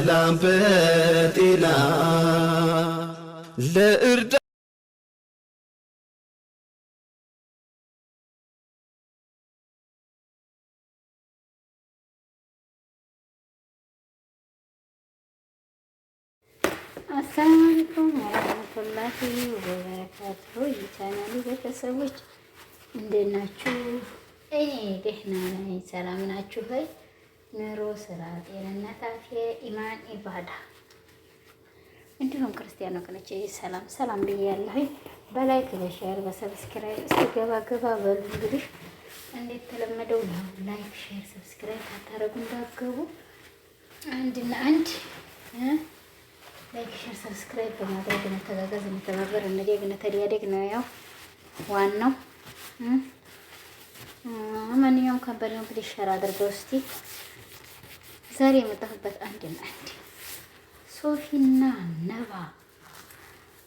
በሰላም በጤና ለእርዳ አሰላሙ አለይኩም ወራህመቱላሂ ወበረካቱ። የቻናሉ ቤተሰቦች እንደናችሁ? እኔ ደህና ነኝ። ሰላም ናችሁ ሆይ? ኑሮ፣ ስራ፣ ጤንነት፣ አፍያ፣ ኢማን፣ ኢባዳ እንዲሁም ክርስቲያን ወገኖች ሰላም ሰላም ብያለሁ። በላይክ በሼር በሰብስክራይብ እስኪ ገባ በሉ። እንግዲህ እንዴት ተለመደው ነው ላይክ ሼር ሰብስክራይብ ካታረጉ እንዳገቡ አንድና አንድ ላይክ ሼር ሰብስክራይብ በማድረግ እንተጋገዝ፣ እንተባበር፣ እንደግ፣ እንተዳደግ ነው ያው ዋናው። ማንኛውም ከበደው እንግዲህ ሼር አድርገው እስቲ ዛሬ የመጣሁበት አንድና አንድ ሶፊና ነባ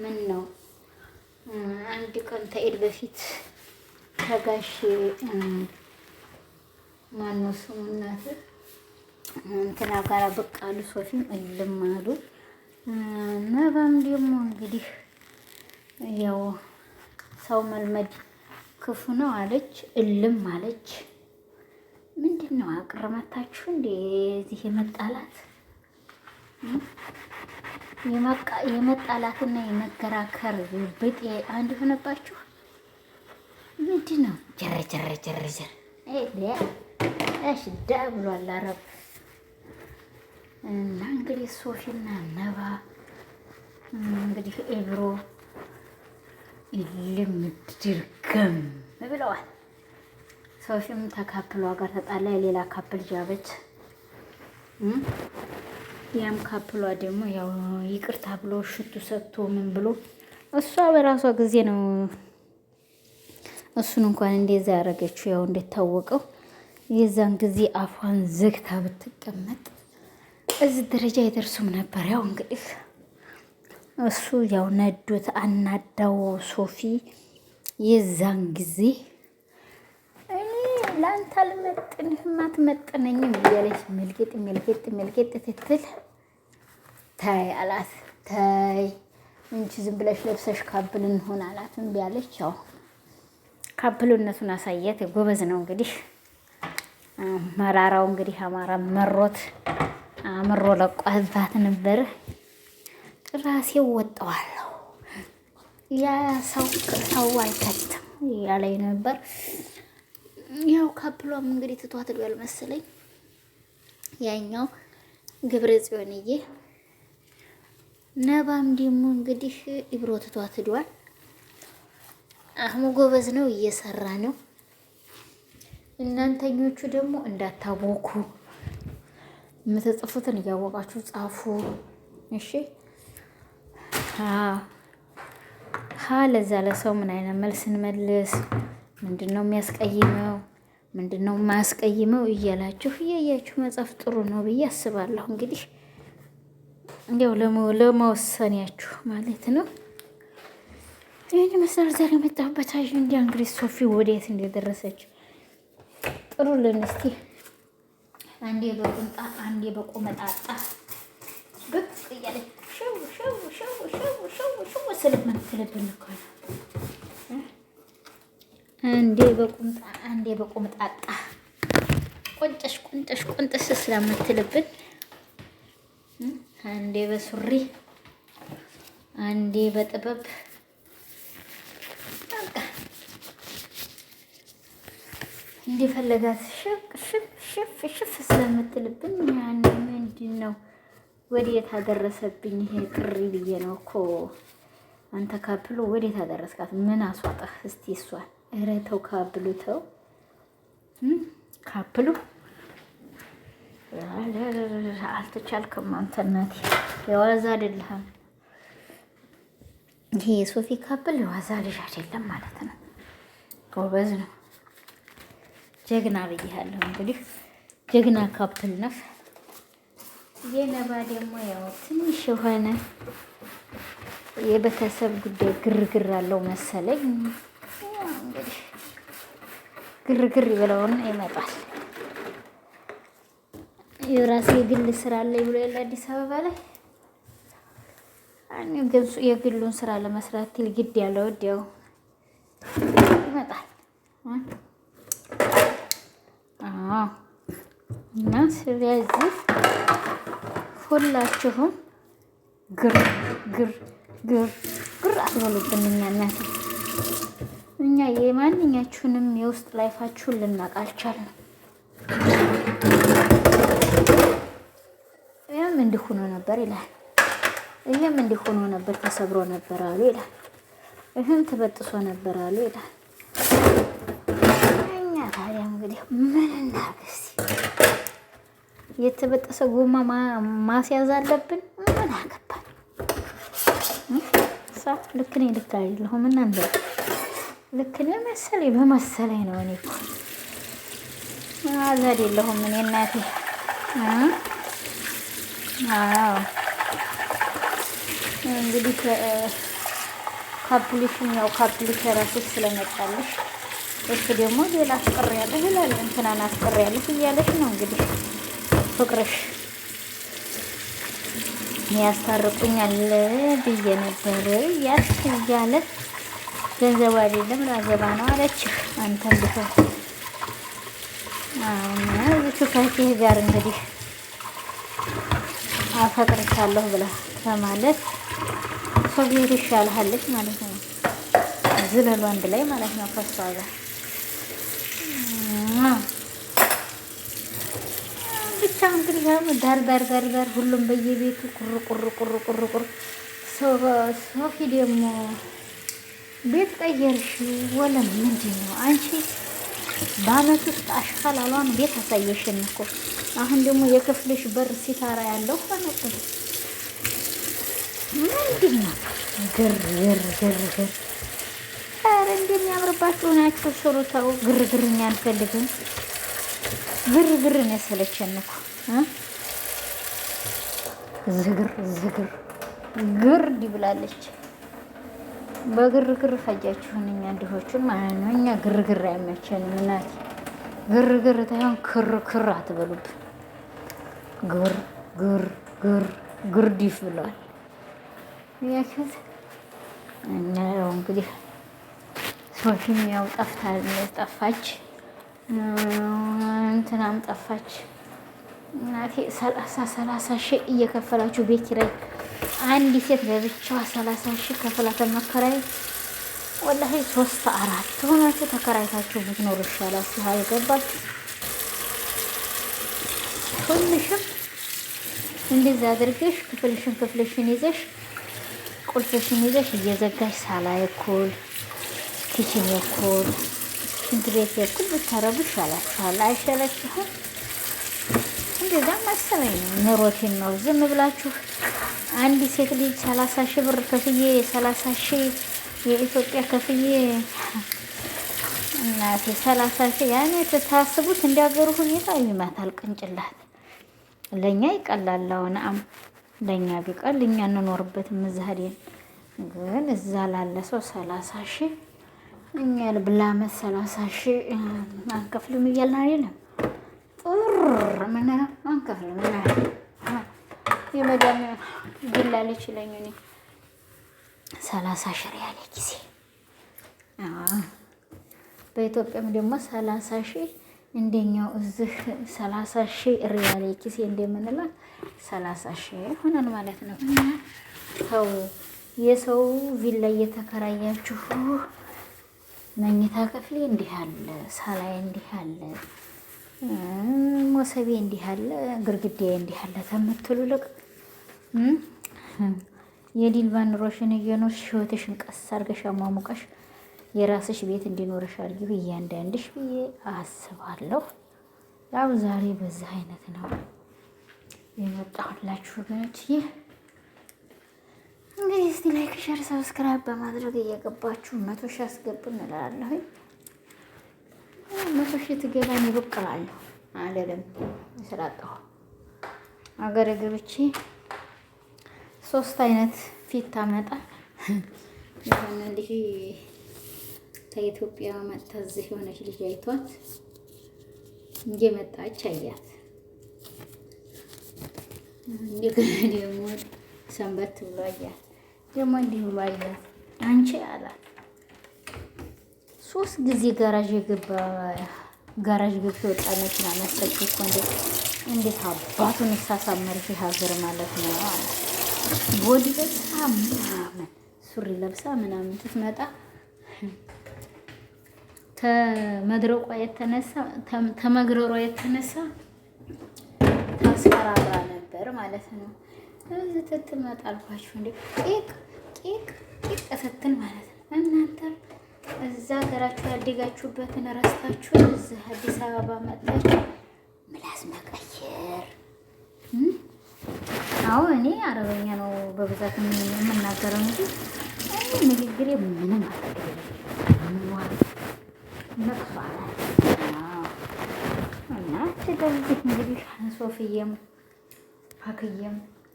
ምን ነው አንድ ቀን ተኤድ በፊት ከጋሽ ማነው ስሙ እናት እንትና ጋር ብቅ አሉ። ሶፊም እልም አሉ። ነባም ደግሞ እንግዲህ ያው ሰው መልመድ ክፉ ነው አለች፣ እልም አለች። ነው አቅርመታችሁ እንደዚህ የመጣላት የመጣላትና የመከራከር ብጤ አንድ የሆነባችሁ ምንድን ነው? ጀረጀረ ጀረጀር ሽዳ ብሏል አረብ እና እንግዲህ ሶፊና ነባ እንግዲህ ኤብሮ ልም ድርገም ብለዋል። ሶፊም ተካፕሏ ጋር ተጣላ፣ የሌላ ካፕል ጃበች። ያም ካፕሏ ደግሞ ያው ይቅርታ ብሎ ሽቱ ሰጥቶ ምን ብሎ እሷ በራሷ ጊዜ ነው እሱን እንኳን እንደዛ ያደረገችው። ያው እንደታወቀው የዛን ጊዜ አፏን ዘግታ ብትቀመጥ እዚህ ደረጃ አይደርሱም ነበር። ያው እንግዲህ እሱ ያው ነዶት አናዳው ሶፊ የዛን ጊዜ ለአንተ አልመጥንህም አትመጥነኝም እያለች ምልጌጥ ምልጌጥ ምልጌጥ ትትል ተይ አላት። ተይ እንቺ ዝም ብለሽ ለብሰሽ ካብል እንሆን አላት። እምቢ አለች። ያው ካብልነቱን አሳየት። ጎበዝ ነው እንግዲህ መራራው እንግዲህ አማራ መሮት አምሮ ለቋዝባት ነበረ። ራሴ ወጠዋለሁ ያ ሰው ሰው አልከትም ያለኝ ነበር። ያው ካፕሏም እንግዲህ ትቷት ሄዷል መሰለኝ። ያኛው ግብረ ጽዮንዬ ነባም ደግሞ እንግዲህ ኢብሮ ትቷት ሄዷል። አህሙ ጎበዝ ነው፣ እየሰራ ነው። እናንተኞቹ ደግሞ እንዳታወኩ የምትጽፉትን እያወቃችሁ ጻፉ። እሺ ሀ ለዛ ለሰው ምን አይነት መልስ እንመልስ? ምንድን ነው የሚያስቀይመው? ምንድን ነው ማስቀይመው እያላችሁ እያያችሁ መጻፍ ጥሩ ነው ብዬ አስባለሁ። እንግዲህ እንዲያው ለመወሰኒያችሁ ማለት ነው። ይህን መሰል ዛሬ የመጣሁበት እንዲ እንግዲህ ሶፊ ወዴት እንደደረሰች ጥሩ ልንስቲ አንዴ በቁምጣ አንዴ በቆመጣጣ ብቅ እያለ ሸው ሸው ሸው ሸው ሸው ሸው ምን ስልብ እንኳን እንዴ በቁምጣ አንዴ በቁምጣጣ ቁንጥሽ ቁንጥሽ ቁንጥስ ስለምትልብን አንዴ በሱሪ አንዴ በጥበብ እንዲፈለጋት ሽፍ ሽፍ ሽፍ ስለምትልብን ያን ምንድን ነው ወዴት አደረሰብኝ? ይሄ ቅሪ ብዬ ነው እኮ አንተ ካፕሎ ወዴት አደረስካት? ምን አስዋጠህ እስቲ እሷን ኧረ ተው ካብሉ ተው ካብሉ አልተቻልክም። አንተ እናቴ የዋዛ አይደለህም። ይሄ የሶፊ ካብል የዋዛ ልጅ አይደለም ማለት ነው። ጎበዝ ነው፣ ጀግና ብያለሁ። እንግዲህ ጀግና ካብል ነፍ የነባ ደግሞ ያው ትንሽ የሆነ የቤተሰብ ጉዳይ ግርግር አለው መሰለኝ። ግርግር ይበለውና ይመጣል። የራሴ የግል ስራ አለኝ ብሎ ያለ አዲስ አበባ ላይ አን ገብጹ የግሉን ስራ ለመስራት ይል ግድ ያለው ወዲያው ይመጣል። አዎ እና ስለዚህ ሁላችሁም ግር ግር ግር ግር አትበሉብን እናንተ እኛ የማንኛችሁንም የውስጥ ላይፋችሁን ልናውቅ አልቻልንም። ይህም እንዲህ ሆኖ ነበር ይላል፣ ይህም እንዲህ ሆኖ ነበር፣ ተሰብሮ ነበር አሉ ይላል፣ ይህም ተበጥሶ ነበር አሉ ይላል። እኛ ታዲያ እንግዲህ ምን እናገስ? የተበጠሰ ጎማ ማስያዝ አለብን? ምን አገባል? ልክ እኔ ልክ አይደለሁም ልክ እኔ መሰለኝ በመሰለኝ ነው። እኔ እኮ አዛ አይደለሁም እኔ እናቴ። አዎ እንግዲህ ካፕሊሽኛው ካፕሊሽ የራስሽ ስለመጣልሽ እሱ ደግሞ ሌላ አስቀሪያለሽ ይላል፣ እንትናን አስቀሪያለሽ እያለሽ ነው እንግዲህ ፍቅርሽ ያስታርቁኛል ብዬ ነበር እያለ ገንዘብ አይደለም ለአገባ ነው አለች። አንተም ቢሆን እዚህ ከእህቴ ጋር እንግዲህ አፈቅርሻለሁ ብላ በማለት ሰው ይሻልሃለች ማለት ነው። ዝለል ወንድ ላይ ማለት ነው ከሷ ጋር ብቻ እንግዲህ ዳር ዳር ዳር ዳር ሁሉም በየቤቱ ቁር ቁር ቁር ቁር ቁር ሶፊ ደግሞ ቤት ቀየርሽ ወለም ምንድን ነው አንቺ? በአመት ውስጥ አሽካላሏን ቤት አሳየሽን እኮ አሁን ደግሞ የክፍልሽ በር ሲታራ ያለው ሆነች። ምንድን ነው ስሩ። ተው ግርግር፣ እኛ አንፈልግም ግርግር። ነው የሰለቸን እኮ ዝግር ዝግር ይብላለች። በግርግር ፈጃችሁን እኛ ድሆቹን ማለት ነው። እኛ ግርግር አይመቸንም። እናቴ ግርግር ታይሆን ክርክር አትበሉብን። ግር ግር ግር ግርዲፍ ብለዋል። ያችሁት እና እንግዲህ ሶፊም ያው ጠፋች፣ እንትናም ጠፋች። እናቴ ሰላሳ ሰላሳ ሺህ እየከፈላችሁ ቤት ኪራይ አንድ ሴት በብቻዋ ሰላሳ ሺህ ከፍላ ከመከራየት ወላሂ ሶስት አራት ሆናችሁ ተከራይታችሁ ብትኖሩ ይሻላችሁ። አይገባችሁ ሁልሽም እንደዚህ አድርገሽ ክፍልሽን ክፍልሽን ይዘሽ ቁልፍሽን ይዘሽ እየዘጋሽ ሳላ የኩል ኪችን የኩል ሽንት ቤት የኩል ብታረጉ ይሻላችኋል። አይሻላችሁም? እንደዛም መሰለኝ ኑሮቴን ነው ዝም ብላችሁ አንድ ሴት ልጅ ሰላሳ ሺህ ብር ከፍዬ ሰላሳ ሺህ የኢትዮጵያ ከፍዬ እናቴ ሰላሳ ሺህ ያኔ ታስቡት እንዲያገሩ ሁኔታ ይመታል ቅንጭላት። ለእኛ ይቀላል አሁን ለእኛ ቢቀል እኛ እንኖርበት ምዛህዴን ግን እዛ ላለ ሰው ሰላሳ ሺህ እኛ ብላመት ሰላሳ ሺህ አንከፍልም እያልን አይደለም። ጥር ምን አንከፍልም የመዳም ግላለች ይለኝ እኔ ሰላሳ ሺህ ሪያል ጊዜ በኢትዮጵያም ደግሞ ሰላሳ ሺህ እንደኛው እዚህ ሰላሳ ሺህ ሪያል ጊዜ እንደምንላት ሰላሳ ሺህ ሆነን ማለት ነው። እና ተው የሰው ቪላ እየተከራያችሁ መኝታ ክፍሌ እንዲህ አለ፣ ሳላይ እንዲህ አለ፣ ሞሰቤ እንዲህ አለ፣ ግርግዳዬ እንዲህ አለ ተምትሉ ልቅ የዲልባን ኑሮሽን እየኖርሽ ህይወትሽን ቀስ አድርገሽ አሟሙቀሽ የራስሽ ቤት እንዲኖርሽ አድርጊው እያንዳንድሽ ብዬ አስባለሁ። ያው ዛሬ በዚህ አይነት ነው የመጣሁላችሁ ወገኖች። ይህ እንግዲህ እስቲ ላይክ፣ ሸር፣ ሰብስክራይብ በማድረግ እየገባችሁ መቶ ሺ አስገቡ እንላለሁኝ። መቶ ሺ ትገባን ይበቅላለሁ አለለም ስላጣሁ አገር ገብቼ ሶስት አይነት ፊት ታመጣ የሆነ ልጅ ከኢትዮጵያ መጥታ እዚህ የሆነች ልጅ አይቷት እንደመጣች አያት። እንደገና ደግሞ ሰንበት ብሎ አያት። ደግሞ እንዲህ ብሎ አያት። አንቺ አላት ሶስት ጊዜ ጋራዥ የገባ ጋራዥ ገብቶ ወጣ መኪና መሰልክ እኮ እንዴት አባቱን ሳሳመርሽ ሀገር ማለት ነው አላት። ቦዲ ለብሳ ምናምን ሱሪ ለብሳ ምናምን ስትመጣ ተመድረቋ የተነሳ ተመግረሯ የተነሳ ታስፈራራ ነበር ማለት ነው። ስትት መጣ አልኳችሁ እንዴ ቄቅ ቄቅ ቄቅ ስትል ማለት ነው። እናንተ እዛ ሀገራችሁ ያደጋችሁበትን ረስታችሁ እዚህ አዲስ አበባ መጣችሁ ምላስ መቀየር አዎ እኔ አረበኛ ነው በብዛት የምናገረው እንጂ ንግግሬ ምንም እና ስለዚህ እንግዲህ ሶፍዬም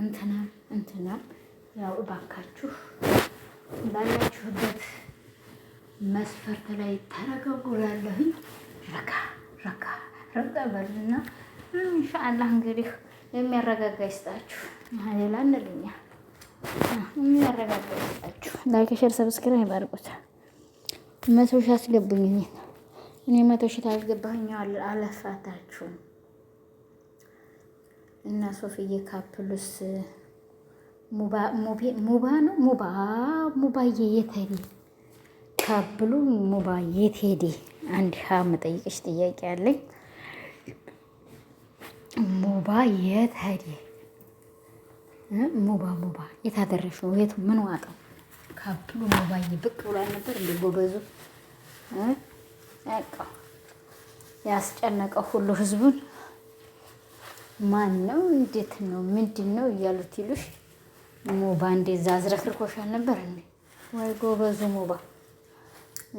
እንትናም እንትናም ያው እባካችሁ ባላችሁበት መስፈርት ላይ ተረጋጉላለሁኝ። ረካ ረካ ረጋ በሉና እንግዲህ የሚያረጋጋ ይስጣችሁ። ሌላ እንልኛ የሚያረጋጋ ይስጣችሁ። ላይክ፣ ሸር፣ ሰብስክራይብ አድርጉት። መቶ ሺህ አስገቡኝ። እኔ መቶ ሺህ ታስገባኝ አለፋታችሁም እና ሶፍዬ ካፕሉስ ሙባ ነው ሙባ ሙባዬ የት ሄደ? ካብሉ ሙባ የት ሄደ? አንድ ሀ መጠይቅሽ ጥያቄ አለኝ። ሙባ የት ሄደ? ሙባ ሙባ የት አደረሽ ነው? የት ምን ዋጠው? ካፕሉ ሙባዬ ብቅ ብሏል ነበር እንደ ጎበዙ በቃ ያስጨነቀው ሁሉ ህዝቡን ማን ነው እንዴት ነው ምንድን ነው እያሉት ይሉሽ ሙባ እንደዛ አዝረክርኮሻል ነበር እንዴ? ወይ ጎበዙ ሙባ።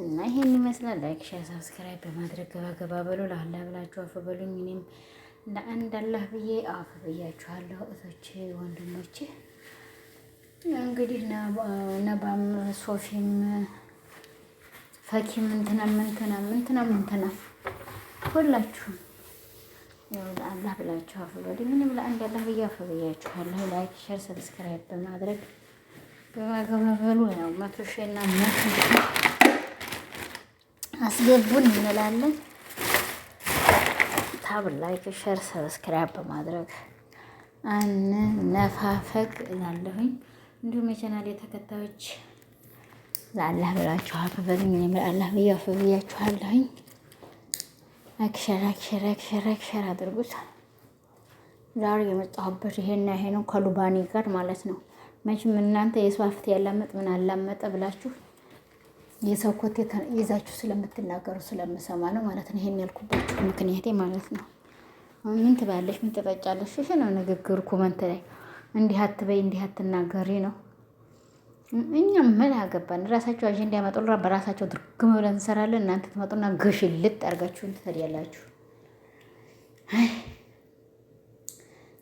እና ይሄን ይመስላል። ላይክ ሼር፣ ሰብስክራይብ በማድረግ ገባ ገባ በሉ። ለአላ ብላችሁ አፈበሉኝ እኔም እና እንዳላህ ብዬ አፍ ብያችኋለሁ እህቶቼ ወንድሞቼ። እንግዲህ ነባም ሶፊም ፈኪም እንትና ምንትና ምንትና ምንትና ሁላችሁም ያው ለአላህ ብላችሁ አፍ በሉ። ምንም ለአንድ አላህ ብዬ አፍ ብያችኋለሁ። ላይክ ሸር ሰብስክራይብ በማድረግ በማገባ በሉ። ያው መቶ ሺህ እና መቶ አስገቡን እንላለን። ሀሳብ ላይክ፣ ሸር፣ ሰብስክራይብ በማድረግ አንነፋፈግ እላለሁኝ። እንዲሁም የቻናል የተከታዮች ለአላህ ብላችሁ አክበሩኝ። እኔም ለአላህ ብዬ አፍ አክሸር አክሸር አክሸር አክሸር አድርጉት። ዛሬ የመጣሁበት ይሄና ይሄ ነው፣ ከሉባኒ ጋር ማለት ነው። መቼም እናንተ የሰው አፍት ያላመጥ ምን አላመጠ ብላችሁ የሰው ኮቴ ይዛችሁ ስለምትናገሩ ስለምሰማ ነው ማለት ነው። ይሄን ያልኩባችሁ ምክንያቴ ማለት ነው። ምን ትባለሽ? ምን ትጠጫለሽ? ይሄ ነው ንግግር ኮመንት ላይ እንዲህ አትበይ፣ እንዲህ አትናገሪ ነው። እኛም ምን አገባን? ራሳቸው አጀንዳ ያመጡሉ፣ በራሳቸው ድርግም ብለን እንሰራለን። እናንተ ትመጡና ግሽ ልጥ አርጋችሁን ትፈልያላችሁ።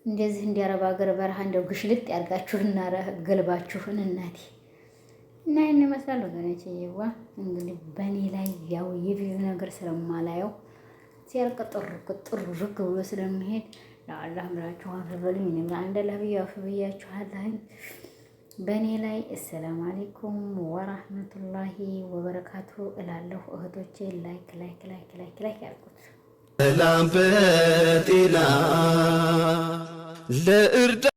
እንደዚህ እንዲያረባ ሀገር በረሃ እንደው ግሽ ልጥ ያርጋችሁና ገልባችሁን እናቴ እና ይህን ይመስላል ወገኖች። ይዋ እንግዲህ በእኔ ላይ ያው የቪው ነገር ስለማላየው ሲያልቅ ጥሩ ቁጥሩ ርግ ብሎ ስለሚሄድ ለአላህ ብላችሁ አፍ በሉኝ። እኔም ለአንድ አላህ ብዬ አፍ በእኔ ላይ አሰላሙ አሌይኩም ወራህመቱላሂ ወበረካቱ እላለሁ። እህቶቼ ላይክ ላይክ ላይክ ላይክ ላይክ ያልኩት ሰላም በጤና ለእርዳ